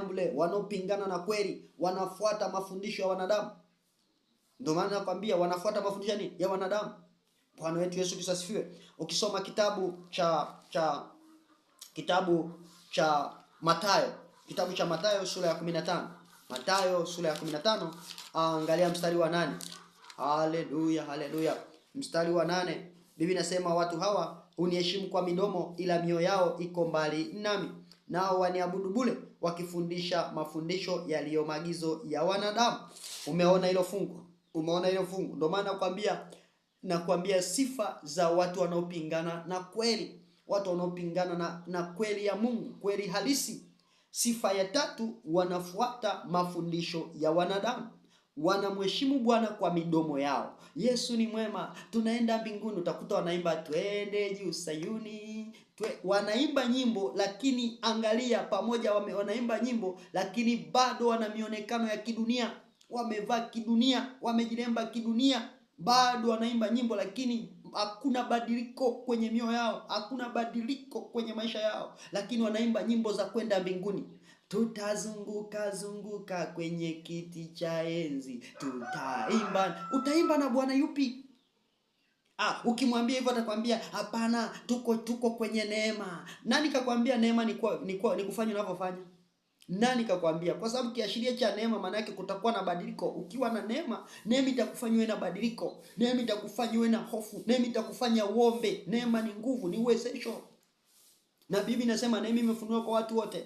mle wanaopingana na kweli, wanafuata mafundisho ya wanadamu. Ndio maana nakwambia wanafuata mafundisho ni ya wanadamu. Bwana wetu Yesu Kristo asifiwe. Ukisoma kitabu cha cha kitabu cha Mathayo, kitabu cha Mathayo sura ya 15. Mathayo sura ya 15, angalia mstari wa nane. Haleluya, haleluya. Mstari wa nane. Biblia inasema watu hawa uniheshimu kwa midomo ila mioyo yao iko mbali nami nao waniabudu bure wakifundisha mafundisho yaliyo maagizo ya wanadamu. Umeona hilo fungu? Umeona hilo fungu? Ndio maana nakwambia nakwambia sifa za watu wanaopingana na kweli, watu wanaopingana na, na kweli ya Mungu, kweli halisi. Sifa ya tatu, wanafuata mafundisho ya wanadamu wanamheshimu Bwana kwa midomo yao. Yesu ni mwema, tunaenda mbinguni. Utakuta wanaimba twende juu Sayuni twe, wanaimba nyimbo lakini angalia, pamoja wame, wanaimba nyimbo lakini bado wana mionekano ya kidunia, wamevaa kidunia, wamejilemba kidunia, bado wanaimba nyimbo lakini hakuna badiliko kwenye mioyo yao, hakuna badiliko kwenye maisha yao, lakini wanaimba nyimbo za kwenda mbinguni tutazunguka zunguka kwenye kiti cha enzi, tutaimba. Utaimba na bwana yupi? Ah, ukimwambia hivyo atakwambia hapana, tuko tuko kwenye neema. Nani kakwambia neema ni kwa, ni, kwa, ni kufanya unavyofanya? Nani kakwambia? Kwa sababu kiashiria cha neema maana yake kutakuwa na badiliko. Ukiwa na neema, neema itakufanya uwe na badiliko, neema itakufanya uwe na hofu, neema itakufanya uombe. Neema ni nguvu, ni uwezesho, na Biblia inasema neema imefunuliwa kwa watu wote.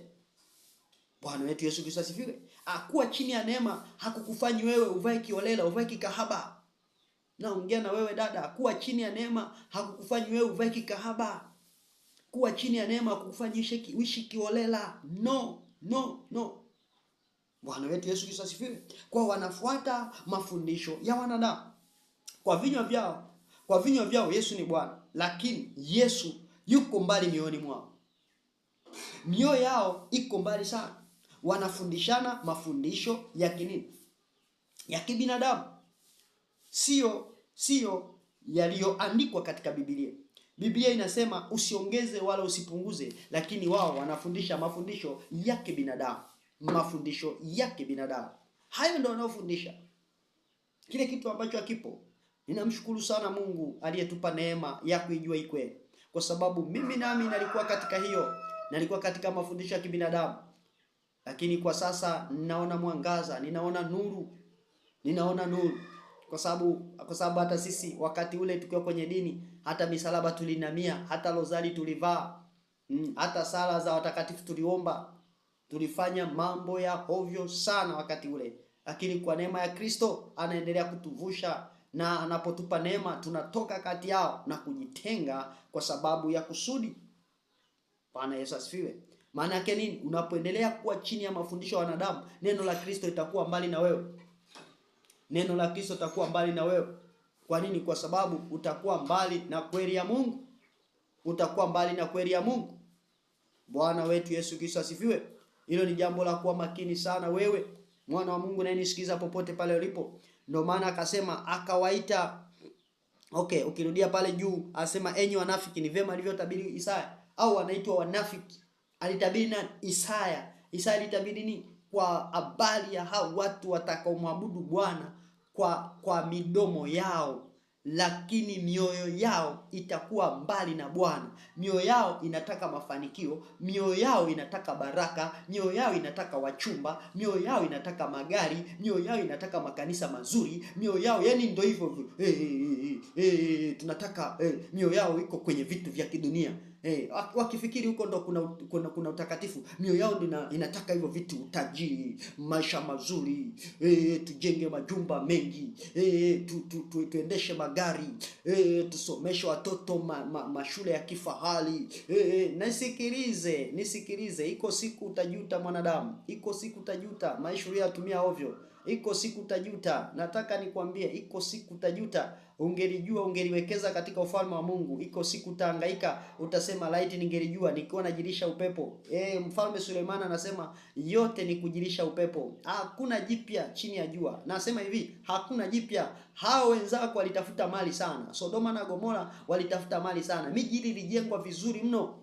Bwana wetu Yesu Kristo asifiwe. Akuwa chini ya neema hakukufanyi wewe uvae kiolela, uvae kikahaba. Naongea na wewe dada, kuwa chini ya neema hakukufanyi wewe uvae kikahaba. Kuwa chini ya neema hakukufanyi uishi kiolela. No, no, no. Bwana wetu Yesu Kristo asifiwe. Kwa wanafuata mafundisho ya wanadamu kwa vinywa vyao, kwa vinywa vyao Yesu ni Bwana, lakini Yesu yuko mbali mioyoni mwao. Mioyo yao iko mbali sana wanafundishana mafundisho ya kinini, ya kibinadamu, sio sio yaliyoandikwa katika Biblia. Biblia inasema usiongeze wala usipunguze, lakini wao wanafundisha mafundisho ya kibinadamu, mafundisho ya kibinadamu. Hayo ndio wanaofundisha kile kitu ambacho akipo Ninamshukuru sana Mungu aliyetupa neema ya kuijua ikweli, kwa sababu mimi nami nalikuwa katika hiyo, nalikuwa katika mafundisho ya kibinadamu lakini kwa sasa ninaona mwangaza, ninaona nuru, ninaona nuru kwa sababu kwa sababu hata sisi wakati ule tukiwa kwenye dini, hata misalaba tulinamia, hata lozali tulivaa, mm, hata sala za watakatifu tuliomba, tulifanya mambo ya hovyo sana wakati ule, lakini kwa neema ya Kristo anaendelea kutuvusha na anapotupa neema tunatoka kati yao na kujitenga kwa sababu ya kusudi. Bwana Yesu asifiwe. Maana yake nini? Unapoendelea kuwa chini ya mafundisho ya wanadamu, neno la Kristo itakuwa mbali na wewe. Neno la Kristo itakuwa mbali na wewe. Kwa nini? Kwa sababu utakuwa mbali na kweli ya Mungu, utakuwa mbali na kweli ya Mungu. Bwana wetu Yesu Kristo asifiwe. Hilo ni jambo la kuwa makini sana, wewe mwana wa Mungu nayenisikiza popote pale ulipo. Ndio maana akasema akawaita Okay, ukirudia pale juu asema enyi wanafiki, ni vema alivyotabiri Isaya, au wanaitwa wanafiki alitabiri na Isaya. Isaya alitabiri ni Kwa habari ya hao watu watakaomwabudu Bwana kwa, kwa midomo yao, lakini mioyo yao itakuwa mbali na Bwana. Mioyo yao inataka mafanikio, mioyo yao inataka baraka, mioyo yao inataka wachumba, mioyo yao inataka magari, mioyo yao inataka makanisa mazuri, mioyo yao yani ndio hivyo hey, hey, hey, tunataka hey, eh, mioyo yao iko kwenye vitu vya kidunia. Hey, eh, wakifikiri huko ndo kuna, kuna, kuna utakatifu. Mioyo yao ina, inataka hivyo vitu, utajiri, maisha mazuri, hey, eh, tujenge majumba mengi, hey, eh, tu, tu, tu, tuendeshe magari, hey, tusomeshe watoto ma, ma, mashule ya kifahari hey, nisikilize, nisikilize, iko siku utajuta mwanadamu, iko siku utajuta. Maisha uliyotumia ovyo iko siku tajuta. Nataka nikwambie, iko siku tajuta. Ungelijua ungeliwekeza katika ufalme wa Mungu. Iko siku tahangaika, utasema laiti ningelijua nikiwa najilisha upepo. E, mfalme Suleiman anasema yote ni kujilisha upepo, hakuna jipya chini ya jua. Nasema hivi, hakuna jipya. Hao wenzako walitafuta mali sana, Sodoma na Gomora walitafuta mali sana, miji ile ilijengwa vizuri mno.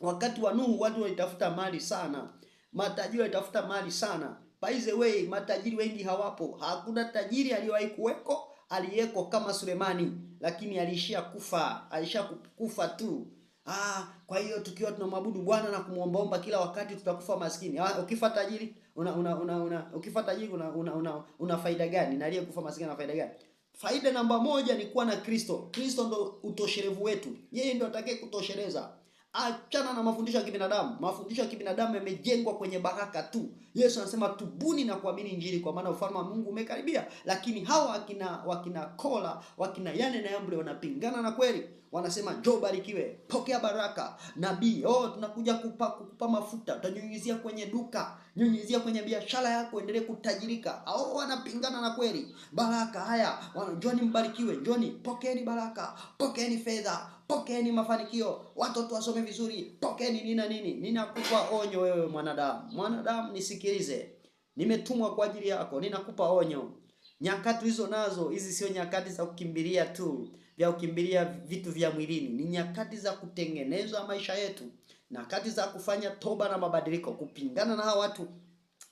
Wakati wa Nuhu watu walitafuta mali sana, matajiri walitafuta mali sana By the way, matajiri wengi hawapo. Hakuna tajiri aliyewahi kuweko aliyeko kama Sulemani, lakini aliishia kufa, alishia kufa tu. Ah, kwa hiyo tukiwa tunamwabudu Bwana na kumwombaomba kila wakati tutakufa maskini. Ah, ukifa tajiri una, una, una, una ukifa tajiri una, una, una, una faida gani? Na aliyekufa maskini ana faida gani? Faida namba moja ni kuwa na Kristo. Kristo ndo utoshelevu wetu, yeye ndo atakaye kutosheleza. Achana na mafundisho ya kibinadamu. Mafundisho ya kibinadamu yamejengwa kwenye baraka tu. Yesu anasema tubuni na kuamini Injili, kwa maana ufalme wa Mungu umekaribia. Lakini hawa wakina wakina Kola wakina Yane na Yambre wanapingana na kweli wanasema njo barikiwe, pokea baraka nabii. Oh, tunakuja kupa, kukupa mafuta, utanyunyizia kwenye duka, nyunyizia kwenye biashara yako, endelee kutajirika. Au wanapingana na kweli baraka. Haya, Joni mbarikiwe, Joni pokeeni baraka, pokeeni fedha, pokeeni mafanikio, watoto wasome vizuri, pokeeni nini na nini. Ninakupa onyo wewe mwanadamu, mwanadamu nisikilize, nimetumwa kwa ajili yako, ninakupa onyo. Nyakati hizo nazo hizi sio nyakati za kukimbilia tu vya kukimbilia vitu vya mwilini. Ni nyakati za kutengenezwa maisha yetu, nyakati za kufanya toba na mabadiliko, kupingana na hawa watu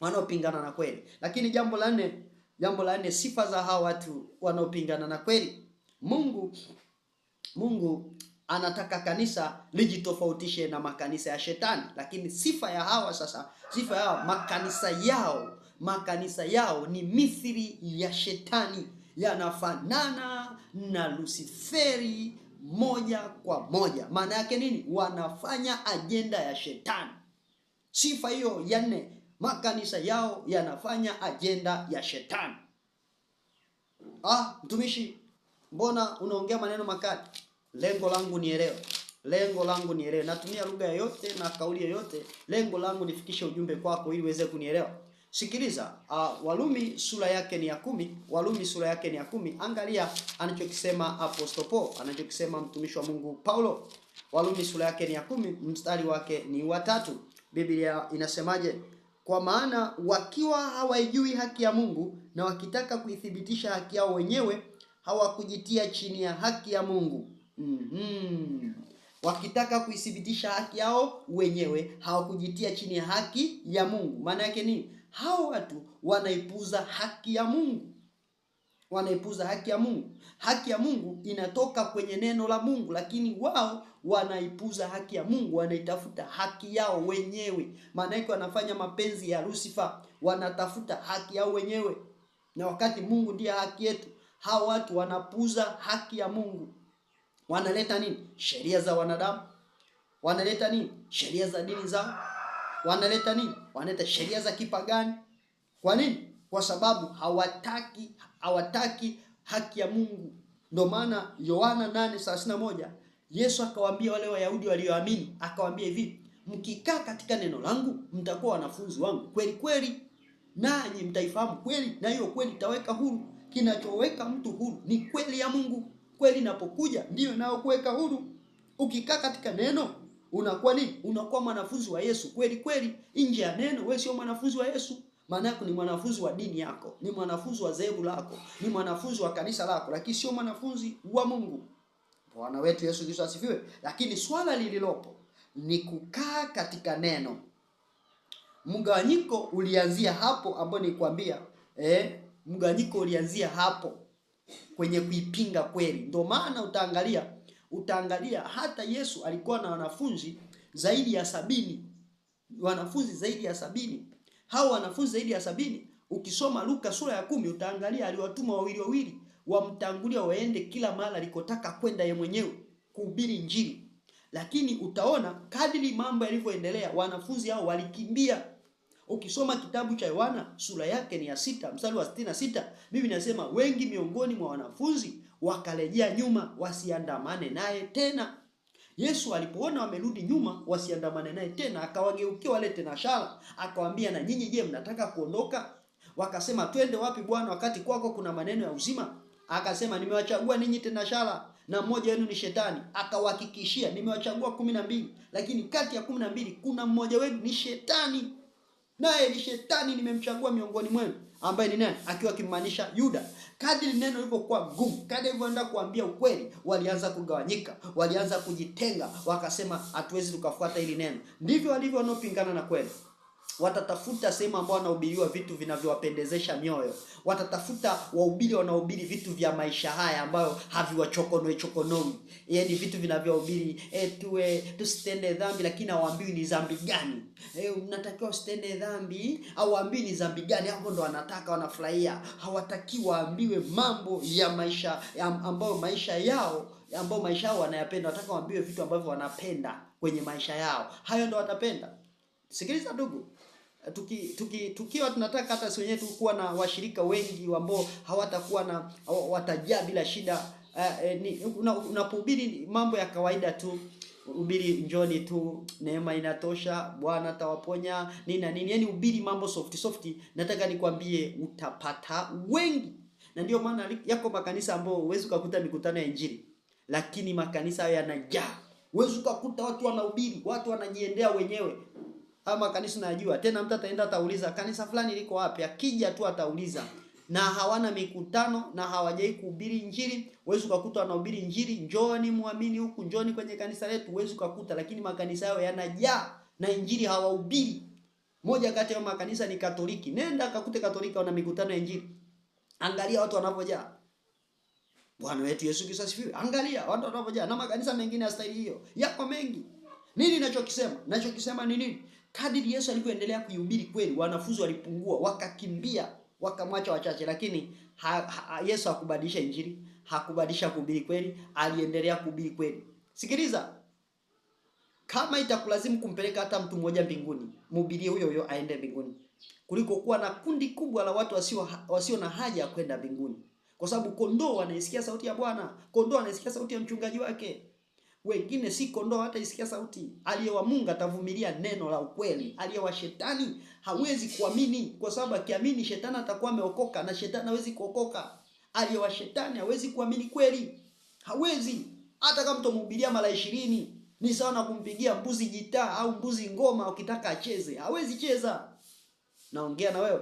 wanaopingana na kweli. Lakini jambo la nne, jambo la nne, sifa za hawa watu wanaopingana na kweli. Mungu Mungu anataka kanisa lijitofautishe na makanisa ya shetani. Lakini sifa ya hawa sasa, sifa ya hawa, makanisa yao makanisa yao ni mithili ya shetani yanafanana na Lusiferi moja kwa moja. Maana yake nini? Wanafanya ajenda ya shetani. Sifa hiyo ya nne, makanisa yao yanafanya ajenda ya shetani. Ah, mtumishi, mbona unaongea maneno makali? Lengo langu nielewe, lengo langu nielewe. Natumia lugha yoyote na kauli yoyote, lengo langu nifikishe ujumbe kwako ili uweze kunielewa. Sikiliza uh, Walumi sura yake ni ya kumi. Walumi sura yake ni ya kumi. Angalia anachokisema Apostle Paul, anachokisema mtumishi wa Mungu Paulo. Walumi sura yake ni ya kumi, mstari wake ni wa tatu. Biblia inasemaje? Kwa maana wakiwa hawaijui haki ya Mungu na wakitaka kuithibitisha haki yao wenyewe hawakujitia chini ya haki ya Mungu. mm -hmm. Wakitaka kuithibitisha haki yao wenyewe hawakujitia chini ya haki ya Mungu. Maana yake nini? hao watu wanaipuza haki ya Mungu, wanaipuza haki ya Mungu. Haki ya Mungu inatoka kwenye neno la Mungu, lakini wao wanaipuza haki ya Mungu, wanaitafuta haki yao wenyewe. Maana yake wanafanya mapenzi ya Lucifer, wanatafuta haki yao wenyewe, na wakati Mungu ndiye haki yetu. Hao watu wanapuza haki ya Mungu, wanaleta nini? Sheria za wanadamu, wanaleta nini? Sheria za dini zao wanaleta nini? Wanaleta sheria za kipagani. Kwa nini? Kwa sababu hawataki hawataki haki ya Mungu. Ndio maana Yohana 8:31 Yesu akawaambia wale Wayahudi walioamini, akawaambia hivi, mkikaa katika neno langu mtakuwa wanafunzi wangu kweli kweli, nanyi mtaifahamu kweli, na hiyo kweli itaweka huru. Kinachoweka mtu huru ni kweli ya Mungu. Kweli inapokuja ndiyo inayokuweka huru. Ukikaa katika neno unakuwa nini? Unakuwa mwanafunzi wa Yesu kweli kweli. Nje ya neno wewe sio mwanafunzi wa Yesu, maana yako ni mwanafunzi wa dini yako, ni mwanafunzi wa zehebu lako, ni mwanafunzi wa kanisa lako, lakini sio mwanafunzi wa Mungu. Bwana wetu Yesu Kristo asifiwe. Lakini swala lililopo ni kukaa katika neno. Mgawanyiko ulianzia hapo, ambao nikwambia eh, mgawanyiko ulianzia hapo kwenye kuipinga kweli. Ndio maana utaangalia utaangalia hata Yesu alikuwa na wanafunzi zaidi ya sabini, wanafunzi zaidi ya sabini. Hao wanafunzi zaidi ya sabini, ukisoma Luka sura ya kumi utaangalia aliwatuma wawili wawili wamtangulia waende kila mahali alikotaka kwenda ye mwenyewe kuhubiri Injili. Lakini utaona kadiri mambo yalivyoendelea, wanafunzi hao walikimbia Ukisoma kitabu cha Yohana sura yake ni ya sita mstari wa sitini na sita mimi nasema wengi miongoni mwa wanafunzi wakarejea nyuma wasiandamane naye tena. Yesu alipoona wamerudi nyuma wasiandamane naye tena, akawageukia wale tenashara, akawaambia, na nyinyi je, mnataka kuondoka? Wakasema, twende wapi Bwana, wakati kwako kuna maneno ya uzima? Akasema, nimewachagua ninyi tenashara na mmoja wenu ni shetani. Akawahakikishia, nimewachagua kumi na mbili, lakini kati ya kumi na mbili kuna mmoja wenu ni shetani naye ni shetani nimemchagua miongoni mwenu ambaye ni nani akiwa akimaanisha yuda kadri neno lilivyokuwa gumu kadri ilivyoenda kuambia ukweli walianza kugawanyika walianza kujitenga wakasema hatuwezi tukafuata hili neno ndivyo walivyo wanaopingana na kweli watatafuta sehemu ambao wanahubiriwa vitu vinavyowapendezesha mioyo, watatafuta wahubiri wanaohubiri vitu vya maisha haya ambayo haviwachokonoi chokonoi, yaani vitu vinavyohubiri eh, tuwe tusitende dhambi, lakini hawaambiwi ni dhambi gani eh, unatakiwa usitende dhambi, au hawaambiwi ni dhambi gani. Hapo ndo wanataka wanafurahia, hawataki waambiwe mambo ya maisha ya ambayo maisha yao ambayo maisha yao wanayapenda, wanataka waambiwe vitu ambavyo wanapenda kwenye maisha yao, hayo ndo watapenda. Sikiliza ndugu, tuki, tuki, tukiwa tunataka hata wenyewe tu kuwa na washirika wengi ambao hawatakuwa na watajaa bila shida. Uh, unapohubiri una mambo ya kawaida tu ubiri njoni tu, neema inatosha, Bwana atawaponya nini na nini, yani ubiri mambo soft soft. Nataka nikwambie utapata wengi, na ndio maana yako makanisa ambayo huwezi ukakuta mikutano ya Injili, lakini makanisa hayo yanajaa. Huwezi ukakuta watu wanahubiri, watu wanajiendea wenyewe ama kanisa najua tena, mtu ataenda atauliza kanisa fulani liko wapi, akija tu atauliza na hawana mikutano na hawajai kuhubiri Injili. Huwezi ukakuta wanahubiri Injili, njooni muamini huku, njooni kwenye kanisa letu, huwezi ukakuta, lakini makanisa yao yanajaa na Injili hawahubiri. Moja kati ya makanisa ni Katoliki, nenda kakute Katoliki wana mikutano ya Injili, angalia watu wanavyojaa. Bwana wetu Yesu Kristo asifiwe. Angalia watu wanavyojaa, na makanisa mengine ya staili hiyo yako mengi. Nini ninachokisema? Ninachokisema ni nini? kadiri Yesu alivyoendelea kuihubiri kweli, wanafunzi walipungua, wakakimbia, wakamwacha wachache, lakini ha, ha, Yesu hakubadilisha injili, hakubadilisha kuhubiri kweli, aliendelea kuhubiri kweli. Sikiliza, kama itakulazimu kumpeleka hata mtu mmoja mbinguni, mhubirie huyo huyo aende mbinguni, kuliko kuwa na kundi kubwa la watu wasio, wasio na haja ya kwenda mbinguni, kwa sababu kondoo anaisikia sauti ya Bwana, kondoo anaisikia sauti ya mchungaji wake wengine si kondoo hata isikia sauti. Aliyewa Mungu atavumilia neno la ukweli, aliyewa shetani hawezi kuamini, kwa sababu akiamini shetani atakuwa ameokoka, na shetani hawezi kuokoka. Aliyewa shetani hawezi kuamini kweli, hawezi hata kama mtomhubiria mara ishirini. Ni sawa na kumpigia mbuzi gitaa au mbuzi ngoma, ukitaka acheze hawezi cheza. Naongea na wewe,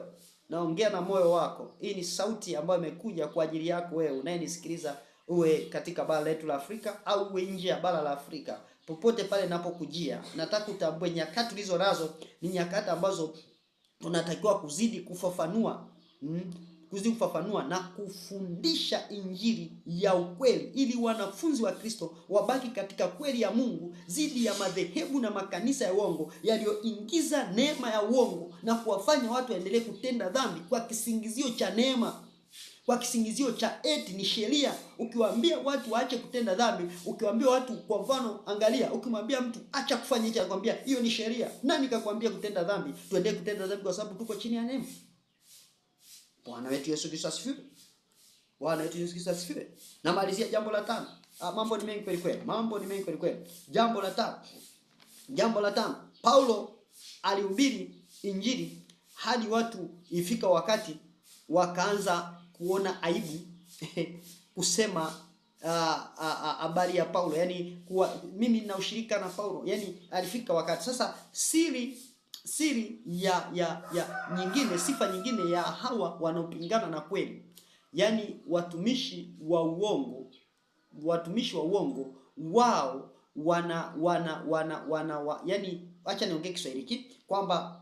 naongea na moyo wako. Hii ni sauti ambayo imekuja kwa ajili yako wewe unayenisikiliza uwe katika bara letu la Afrika au uwe nje ya bara la Afrika, popote pale napokujia, nataka utambue nyakati tulizo nazo ni nyakati ambazo tunatakiwa kuzidi kufafanua mm, kuzidi kufafanua na kufundisha Injili ya ukweli, ili wanafunzi wa Kristo wabaki katika kweli ya Mungu dhidi ya madhehebu na makanisa ya uongo yaliyoingiza neema ya uongo na kuwafanya watu waendelee kutenda dhambi kwa kisingizio cha neema kwa kisingizio cha eti ni sheria. Ukiwaambia watu waache kutenda dhambi, ukiwaambia watu, kwa mfano, angalia, ukimwambia mtu acha kufanya hicho, anakwambia hiyo ni sheria. Nani kakwambia kutenda dhambi? Tuendelee kutenda dhambi kwa sababu tuko chini ya neema. Bwana wetu Yesu Kristo asifiwe. Bwana wetu Yesu Kristo asifiwe. Namalizia jambo la tano. Ah, mambo ni mengi kweli kweli. Mambo ni mengi kweli kweli. Jambo la tano. Jambo la tano. Paulo alihubiri injili hadi watu ifika wakati wakaanza kuona aibu kusema ah, ah, ah, habari ya Paulo, yani kuwa mimi na ushirika na Paulo. Yani alifika wakati sasa, siri siri ya, ya, ya nyingine, sifa nyingine ya hawa wanaopingana na kweli, yani watumishi wa uongo, watumishi wa uongo wao wana wana wana wana wa, yani, acha niongee Kiswahili kwamba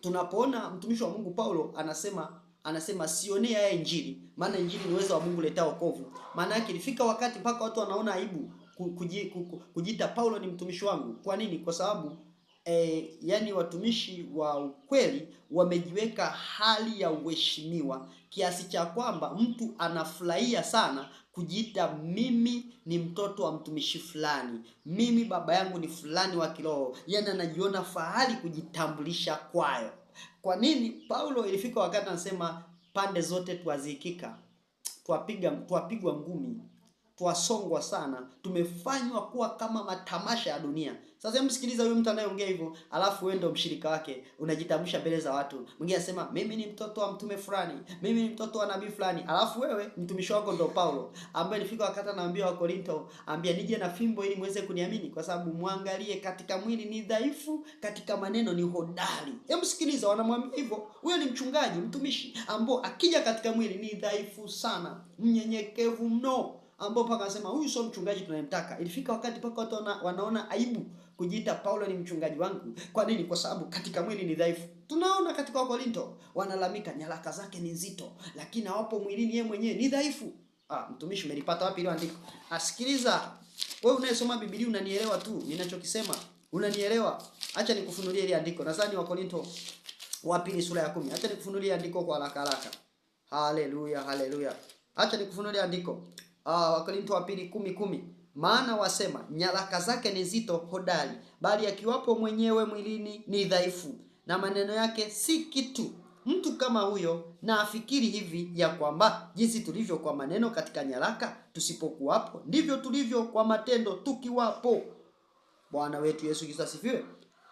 tunapoona mtumishi wa Mungu Paulo anasema anasema sionee haya injili, maana injili ni uwezo wa Mungu leta wokovu. Maana yake ilifika wakati mpaka watu wanaona aibu kujiita Paulo ni mtumishi wangu. Kwa nini? Kwa sababu E, yani watumishi wa ukweli wamejiweka hali ya uheshimiwa kiasi cha kwamba mtu anafurahia sana kujiita mimi ni mtoto wa mtumishi fulani, mimi baba yangu ni fulani wa kiroho, yani anajiona fahari kujitambulisha kwayo. Kwa nini Paulo ilifika wakati anasema pande zote twazikika, twapigwa ngumi twasongwa sana, tumefanywa kuwa kama matamasha ya dunia. Sasa hebu sikiliza huyu mtu anayeongea hivyo, alafu wewe ndio mshirika wake, unajitambulisha mbele za watu. Mwingine anasema mimi ni mtoto wa mtume fulani, mimi ni mtoto wa nabii fulani, alafu wewe mtumishi wako ndio Paulo, ambaye nifika wakati anaambia wa Korinto, ambia nije na fimbo ili muweze kuniamini, kwa sababu mwangalie, katika mwili ni dhaifu, katika maneno ni hodari. Hebu sikiliza, wanamwambia hivyo, huyo ni mchungaji mtumishi, ambao akija katika mwili ni dhaifu sana, mnyenyekevu mno ambao mpaka anasema huyu sio mchungaji tunayemtaka. Ilifika wakati mpaka watu wana, wanaona aibu kujiita Paulo ni mchungaji wangu. Kwa nini? Kwa sababu katika mwili ni dhaifu. Tunaona katika Wakorinto wanalamika nyaraka zake ni nzito, lakini hawapo mwilini, yeye mwenyewe ni dhaifu. Ah, mtumishi umelipata wapi ile andiko? Asikiliza. Ah, Wewe unayesoma Biblia unanielewa tu ninachokisema. Unanielewa? Acha nikufunulie ile andiko. Nadhani Wakorinto wa pili sura ya kumi. Acha nikufunulie andiko kwa haraka haraka. Haleluya, haleluya. Acha nikufunulie andiko uh, Wakorintho wa pili kumi kumi maana wasema nyaraka zake ni zito hodari, bali akiwapo mwenyewe mwilini ni dhaifu, na maneno yake si kitu. Mtu kama huyo na afikiri hivi ya kwamba jinsi tulivyo kwa maneno katika nyaraka, tusipokuwapo ndivyo tulivyo kwa matendo tukiwapo. Bwana wetu Yesu Kristo asifiwe.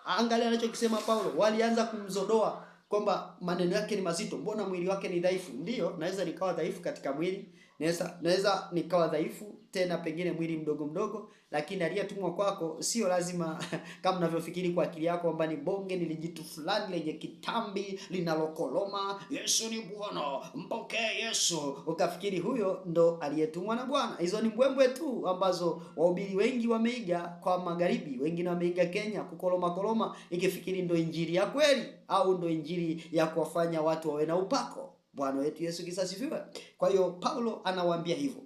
Angalia anachokisema Paulo, walianza kumzodoa kwamba maneno yake ni mazito, mbona mwili wake ni dhaifu? Ndiyo, naweza nikawa dhaifu katika mwili naweza naweza nikawa dhaifu tena pengine mwili mdogo mdogo, lakini aliyetumwa kwako sio lazima kama unavyofikiri kwa akili yako kwamba ni bonge ni lijitu fulani lenye kitambi linalokoloma, Yesu ni Bwana, mpokee Yesu, ukafikiri huyo ndo aliyetumwa na Bwana. Hizo ni mbwembwe tu ambazo waubiri wengi wameiga kwa magharibi, wengine wameiga Kenya, kukoloma koloma, ikifikiri ndo injili ya kweli au ndo injili ya kuwafanya watu wawe na upako. Bwana wetu Yesu Kristo asifiwe. Kwa hiyo Paulo anawaambia hivyo.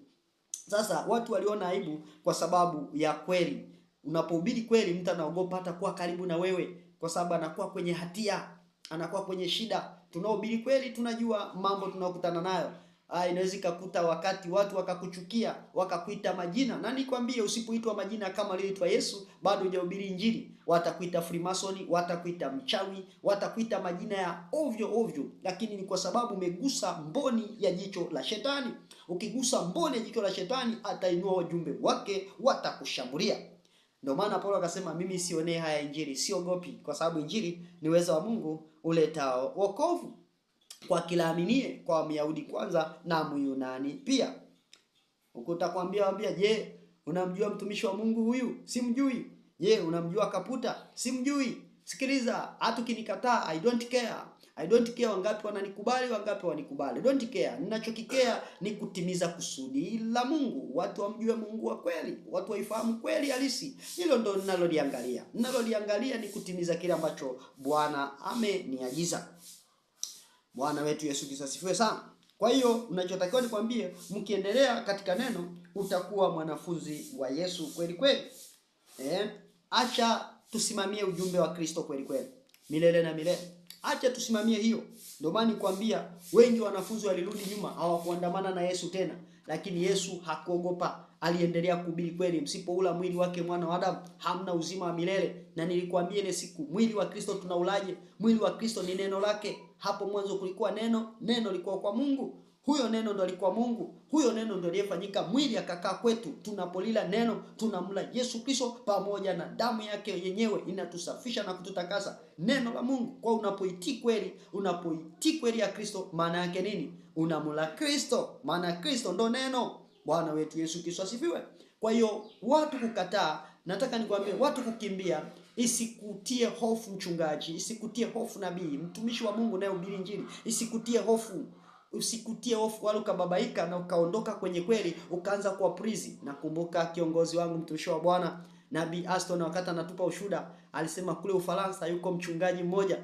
Sasa watu waliona aibu kwa sababu ya kweli. Unapohubiri kweli, mtu anaogopa hata kuwa karibu na wewe, kwa sababu anakuwa kwenye hatia, anakuwa kwenye shida. Tunaohubiri kweli tunajua mambo tunayokutana nayo Ah, inaweza ikakuta wakati watu wakakuchukia, wakakuita majina. Na nikwambie usipoitwa majina kama aliyoitwa Yesu, bado hujahubiri Injili. Watakuita Freemason, watakuita mchawi, watakuita majina ya ovyo ovyo, lakini ni kwa sababu umegusa mboni ya jicho la shetani. Ukigusa mboni ya jicho la shetani, atainua wajumbe wake, watakushambulia. Ndio maana Paulo akasema, mimi sionee haya Injili, siogopi, kwa sababu Injili ni uwezo wa Mungu uletao wokovu kwa kila aminie, kwa Myahudi kwanza na Myunani pia. Huko utakwambia wambia, je, unamjua mtumishi wa Mungu huyu? Simjui. Je, unamjua Kaputa? Simjui. Sikiliza, hata ukinikataa I don't care. I don't care wangapi wananikubali, wangapi wanikubali. don't care. Ninachokikea ni kutimiza kusudi la Mungu. Watu wamjue Mungu wa kweli, watu waifahamu kweli halisi. Hilo ndo ninaloliangalia. Ninaloliangalia ni kutimiza kile ambacho Bwana ameniagiza. Bwana wetu Yesu Kristo asifiwe sana. Kwa hiyo unachotakiwa nikwambie, mkiendelea katika neno utakuwa mwanafunzi wa Yesu kweli kweli. Eh, acha tusimamie ujumbe wa Kristo kweli kweli milele na milele. Acha tusimamie hiyo. Ndio maana nikwambia wengi wanafunzi walirudi nyuma, hawakuandamana na Yesu tena, lakini Yesu hakuogopa aliendelea kuhubiri kweli, msipoula mwili wake mwana wa Adamu hamna uzima wa milele. Na nilikwambia ile siku, mwili wa Kristo tunaulaje? Mwili wa Kristo ni neno lake. Hapo mwanzo kulikuwa neno, neno lilikuwa kwa Mungu, huyo neno ndo alikuwa Mungu, huyo neno ndo aliyefanyika mwili akakaa kwetu. Tunapolila neno, tunamla Yesu Kristo pamoja na damu yake yenyewe inatusafisha na kututakasa, neno la Mungu. Kwa unapoitii kweli, unapoitii kweli ya Kristo, maana yake nini? Unamla Kristo, maana Kristo ndo neno Bwana wetu Yesu Kristo asifiwe. Kwa hiyo watu kukataa, nataka nikwambie, watu kukimbia isikutie hofu mchungaji, isikutie hofu nabii, mtumishi wa Mungu naye nayehubiri Injili, isikutie hofu usikutie hofu wala ukababaika na ukaondoka kwenye kweli ukaanza kuwa prizi. Nakumbuka kiongozi wangu mtumishi wa Bwana Nabii Aston, wakati anatupa ushuda, alisema kule Ufaransa yuko mchungaji mmoja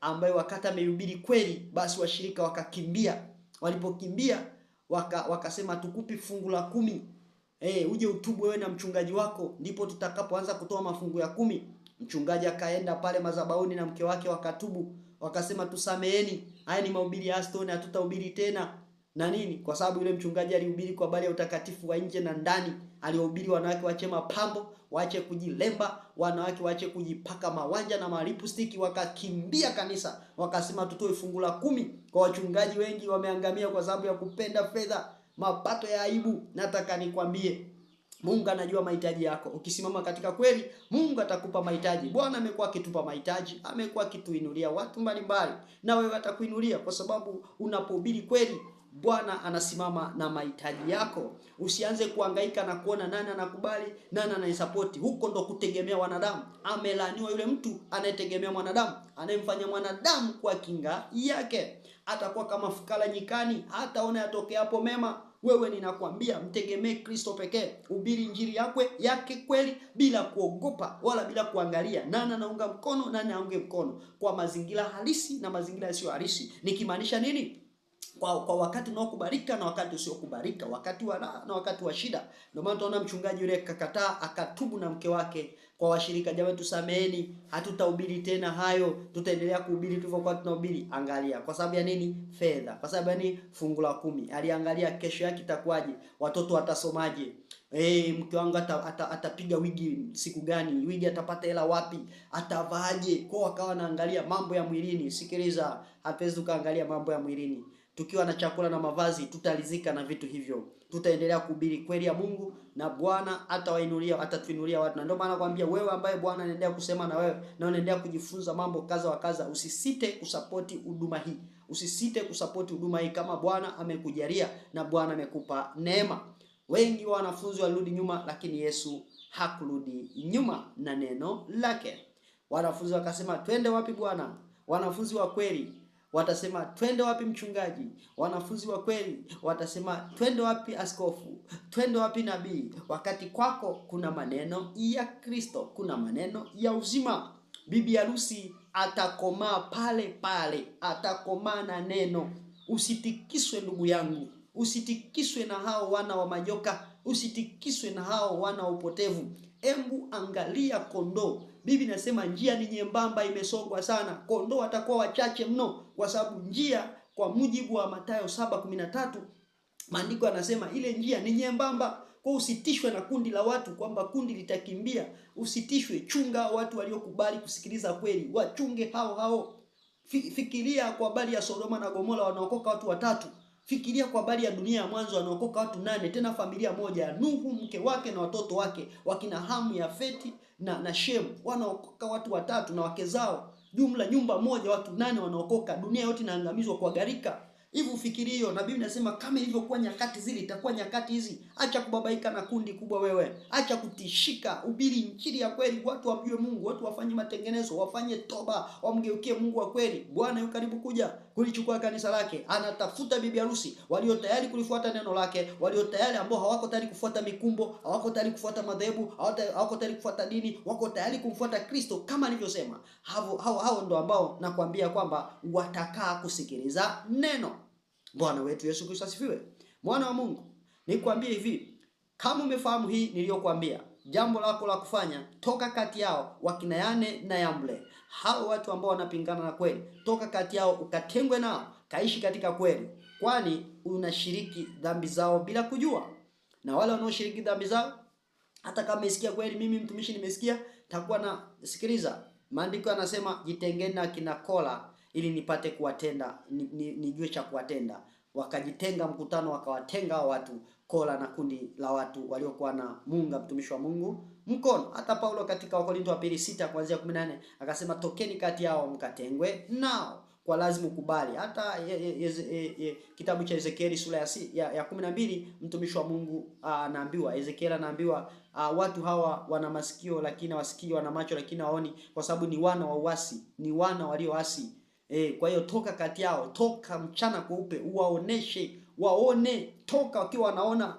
ambaye wakati amehubiri kweli, basi washirika wakakimbia. Walipokimbia wakasema tukupi fungu la kumi e, uje utubu wewe na mchungaji wako, ndipo tutakapoanza kutoa mafungu ya kumi. Mchungaji akaenda pale mazabauni na mke wake wakatubu, wakasema tusameeni, haya ni mahubiri ya Aston, hatutahubiri tena na nini, kwa sababu yule mchungaji alihubiri kwa habari ya utakatifu wa nje na ndani aliyohubiri wanawake waache mapambo, waache kujilemba, wanawake waache kujipaka mawanja na malipstiki. Wakakimbia kanisa, wakasema tutoe fungu la kumi. Kwa wachungaji wengi wameangamia kwa sababu ya kupenda fedha, mapato ya aibu. Nataka nikwambie Mungu anajua mahitaji yako. Ukisimama katika kweli, Mungu atakupa mahitaji. Bwana amekuwa akitupa mahitaji, amekuwa akituinulia watu mbalimbali, na wewe atakuinulia, kwa sababu unapohubiri kweli Bwana anasimama na mahitaji yako. Usianze kuangaika na kuona nani anakubali, nani anaisapoti. Huko ndo kutegemea wanadamu. amelaniwa yule mtu anayetegemea mwanadamu, anayemfanya mwanadamu kwa kinga yake. Atakuwa kama fukara nyikani, ona yatokea hapo mema. Wewe ninakwambia mtegemee Kristo pekee, ubiri injili yakwe yake kweli, bila kuogopa wala bila kuangalia nani anaunga mkono nani aunge mkono, kwa mazingira halisi na mazingira yasiyo halisi. Nikimaanisha nini? kwa, kwa wakati unaokubalika na wakati usiokubalika, wakati wa raha na wakati wa shida. Ndio maana tunaona mchungaji yule kakataa akatubu na mke wake kwa washirika, jamani, tusameheni, hatutahubiri tena hayo, tutaendelea kuhubiri tulivyokuwa tunahubiri. Angalia kwa sababu ya nini? Fedha. Kwa sababu ya nini? Fungu la kumi. Aliangalia kesho yake itakuwaje, watoto watasomaje, eh, mke wangu atapiga ata, ata wigi siku gani, wigi atapata hela wapi, atavaaje. Kwa wakawa naangalia mambo ya mwilini. Sikiliza, hatuwezi tukaangalia mambo ya mwilini tukiwa na chakula na mavazi, tutalizika na vitu hivyo. Tutaendelea kuhubiri kweli ya Mungu na Bwana atawainulia, atatuinulia watu. Na ndio maana nakwambia wewe, ambaye Bwana anaendelea kusema na wewe na unaendelea kujifunza mambo kaza wa kaza, usisite kusapoti huduma hii, usisite kusapoti huduma hii kama Bwana amekujalia na Bwana amekupa neema. Wengi wa wanafunzi walirudi nyuma, lakini Yesu hakurudi nyuma na neno lake. Wanafunzi wakasema, twende wapi Bwana? Wanafunzi wa kweli watasema twende wapi mchungaji? Wanafunzi wa kweli watasema twende wapi askofu? Twende wapi nabii? Wakati kwako kuna maneno ya Kristo, kuna maneno ya uzima. Bibi harusi atakomaa pale pale, atakomaa na neno. Usitikiswe ndugu yangu, usitikiswe na hao wana wa majoka, usitikiswe na hao wana wa upotevu. Embu angalia kondoo Biblia inasema njia ni nyembamba, imesongwa sana, kondoo watakuwa wachache mno, kwa sababu njia, kwa mujibu wa Mathayo 7:13 maandiko yanasema ile njia ni nyembamba. Kwa usitishwe na kundi la watu kwamba kundi litakimbia, usitishwe. Chunga watu waliokubali kusikiliza kweli, wachunge hao hao. Fikiria kwa habari ya Sodoma na Gomora, wanaokoka watu watatu Fikiria kwa habari ya dunia ya mwanzo, anaokoka watu nane, tena familia moja ya Nuhu, mke wake na watoto wake, wakina Hamu, Yafeti na, na Shemu. Wanaokoka watu watatu na wake zao, jumla nyumba moja, watu nane wanaokoka. Dunia yote inaangamizwa kwa gharika. Hivyo ufikiri hiyo, na nasema kama ilivyokuwa nyakati zile itakuwa nyakati hizi. Acha kubabaika na kundi kubwa wewe, acha kutishika, ubiri injili ya kweli, watu wamjue Mungu, watu wafanye matengenezo, wafanye toba, wamgeukie Mungu wa kweli. Bwana yu karibu kuja kulichukua kanisa lake, anatafuta bibi harusi walio tayari kulifuata neno lake, walio tayari ambao hawako tayari kufuata mikumbo, hawako tayari kufuata madhehebu, hawako tayari kufuata dini, wako tayari kumfuata Kristo kama alivyosema. Hao hao ndo ambao nakwambia kwamba watakaa kusikiliza neno. Bwana wetu Yesu Kristo asifiwe. Mwana wa Mungu, nikwambie hivi, kama umefahamu hii niliyokuambia, jambo lako la kufanya, toka kati yao wakina Yane na Yambre, hao watu ambao wanapingana na kweli, toka kati yao ukatengwe nao, kaishi katika kweli, kwani unashiriki dhambi zao bila kujua. Na wale wanaoshiriki dhambi zao, hata kama isikia kweli, mimi mtumishi nimesikia, takuwa na sikiliza, maandiko yanasema jitengeni na kina Kola ili nipate kuwatenda nijue cha kuwatenda. Wakajitenga mkutano, wakawatenga hao watu Kola na kundi la watu waliokuwa na munga mtumishi wa Mungu mkono. Hata Paulo katika Wakorinto wa pili sita kuanzia 14 akasema, tokeni kati yao mkatengwe nao kwa lazima ukubali. Hata ye, ye, ye, ye, ye, kitabu cha Ezekieli sura ya, ya, ya kumi na mbili mtumishi wa Mungu anaambiwa, Ezekieli anaambiwa watu hawa wana masikio lakini hawasikii, wana macho lakini hawaoni, kwa sababu ni wana wa uasi, ni wana walioasi E, kwa hiyo toka kati yao, toka mchana kweupe, uwaoneshe waone, toka wakiwa wanaona,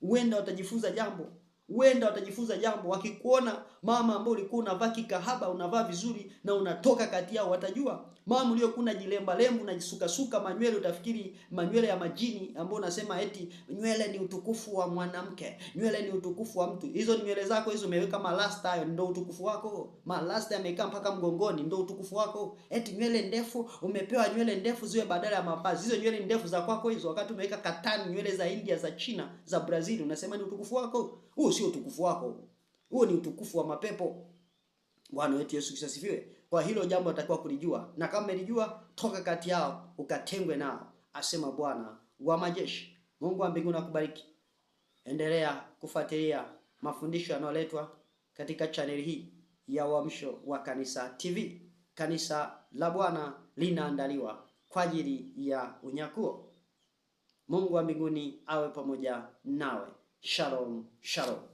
huenda watajifunza jambo, huenda watajifunza jambo. Wakikuona mama ambao ulikuwa unavaa kikahaba unavaa vizuri na unatoka kati yao, watajua. Mama uliokuwa unajilemba lembu na unajisukasuka manywele, utafikiri manywele ya majini, ambao unasema eti nywele ni utukufu wa mwanamke, nywele ni utukufu wa mtu. Hizo nywele zako hizo umeweka malasta, hayo ndio utukufu wako? Malasta yamekaa mpaka mgongoni, ndio utukufu wako? Eti nywele ndefu, umepewa nywele ndefu ziwe badala ya mavazi. Hizo nywele ndefu za kwako hizo, wakati umeweka katani nywele za India, za China, za Brazil, unasema ni utukufu wako? Huo sio utukufu wako. Huo ni utukufu wa mapepo. Bwana wetu Yesu Kristo asifiwe. Kwa hilo jambo atakiwa kulijua, na kama umelijua, toka kati yao ukatengwe nao, asema Bwana wa majeshi. Mungu wa mbinguni akubariki. Endelea kufuatilia mafundisho yanayoletwa katika chaneli hii ya Uamsho wa Kanisa TV. Kanisa la Bwana linaandaliwa kwa ajili ya unyakuo. Mungu wa mbinguni awe pamoja nawe. Shalom, shalom.